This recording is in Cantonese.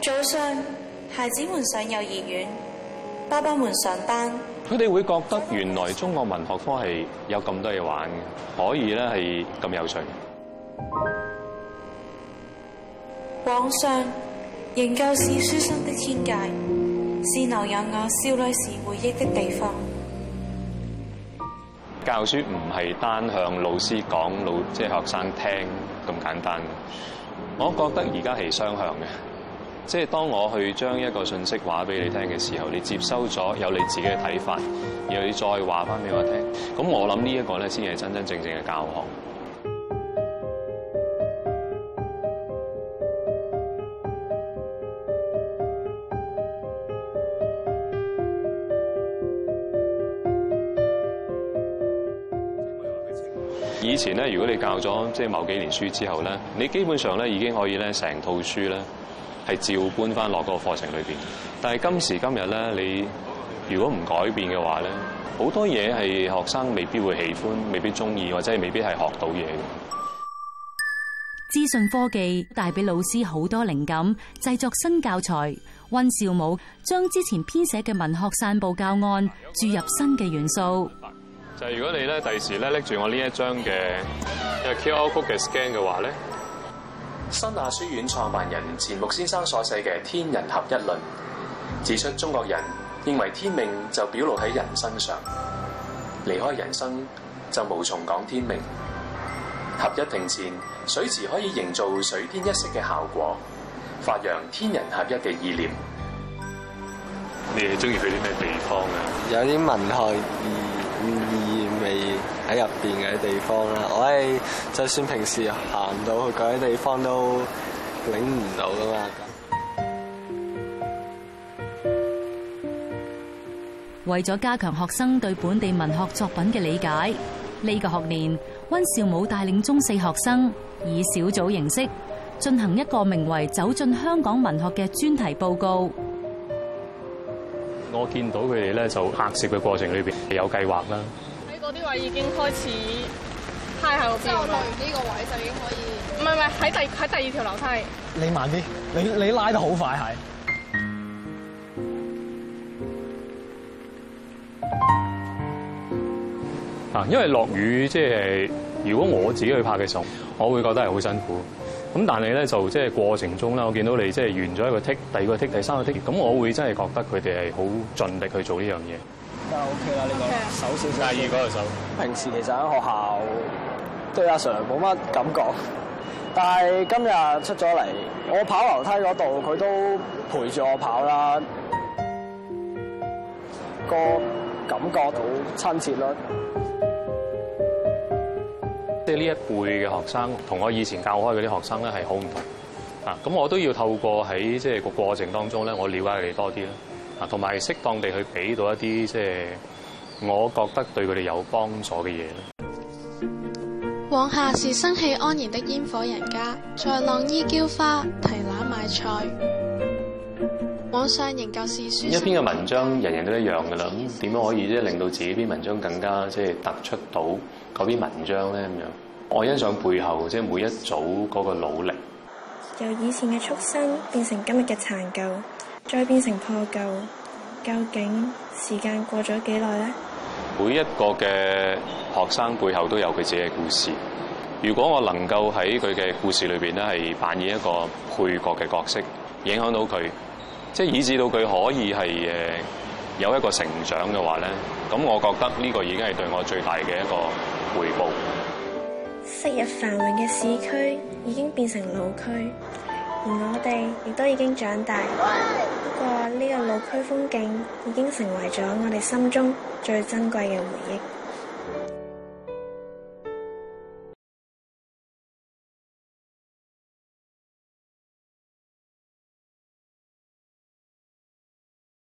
早上，孩子們上幼兒園，爸爸們上班。佢哋會覺得原來中國文學科係有咁多嘢玩嘅，可以咧係咁有趣。往上，仍舊是書生的天界，是留有我少女時回憶的地方。教書唔係單向老師講老，即係學生聽咁簡單。我覺得而家係雙向嘅。即係當我去將一個信息話俾你聽嘅時候，你接收咗有你自己嘅睇法，然後你再話返俾我聽，咁我諗呢一個咧先係真真正正嘅教學。以前咧，如果你教咗即係某幾年書之後咧，你基本上咧已經可以咧成套書咧。係照搬翻落嗰個課程裏邊，但係今時今日咧，你如果唔改變嘅話咧，好多嘢係學生未必會喜歡，未必中意，或者係未必係學到嘢嘅。資訊科技帶俾老師好多靈感，製作新教材。溫紹武將之前編寫嘅文學散步教案注入新嘅元素。就係如果你咧第時咧拎住我呢一張嘅 QR code 嘅 scan 嘅話咧。新亞書院創辦人錢穆先生所寫嘅《天人合一論》，指出中國人認為天命就表露喺人身上，離開人生就無從講天命。合一亭前水池可以營造水天一色嘅效果，發揚天人合一嘅意念。你哋中意去啲咩地方啊？有啲文學意。意味喺入邊嘅地方啦，我哋就算平時行到去嗰啲地方都領唔到噶嘛。為咗加強學生對本地文學作品嘅理解，呢個學年，溫紹武帶領中四學生以小組形式進行一個名為走進香港文學嘅專題報告。我見到佢哋咧，就拍攝嘅過程裏邊有計劃啦。喺嗰啲位已經開始派後邊，即我落完呢個位就已經可以。唔係唔係，喺第喺第二條樓梯。你慢啲，你你拉得好快係。啊，因為落雨，即係如果我自己去拍嘅時候，我會覺得係好辛苦。咁但係咧就即係過程中啦，我見到你即係完咗一個剔，第二個剔，第三個剔，咁我會真係覺得佢哋係好盡力去做呢樣嘢。就 OK 啦呢個，手少少。第二個手。平時其實喺學校對阿 Sir 冇乜感覺，但係今日出咗嚟，我跑樓梯嗰度佢都陪住我跑啦，個感覺好親切咯。即係呢一輩嘅學生，同我以前教開嗰啲學生咧係好唔同啊！咁我都要透過喺即係個過程當中咧，我了解佢哋多啲啦啊，同埋適當地去俾到一啲即係我覺得對佢哋有幫助嘅嘢咧。往下是生氣安然的煙火人家，在晾衣、嬌花、提籃買菜。網上研究是輸。一篇嘅文章，人人都一樣噶啦。咁點樣可以即係令到自己篇文章更加即係突出到嗰篇文章咧？咁樣我欣賞背後即係每一組嗰個努力。由以前嘅簇新變成今日嘅殘舊，再變成破舊，究竟時間過咗幾耐咧？每一個嘅學生背後都有佢自己嘅故事。如果我能夠喺佢嘅故事裏邊咧，係扮演一個配角嘅角色，影響到佢。即係以致到佢可以係誒有一個成長嘅話咧，咁我覺得呢個已經係對我最大嘅一個回報。昔日繁榮嘅市區已經變成老區，而我哋亦都已經長大。不過呢個老區風景已經成為咗我哋心中最珍貴嘅回憶。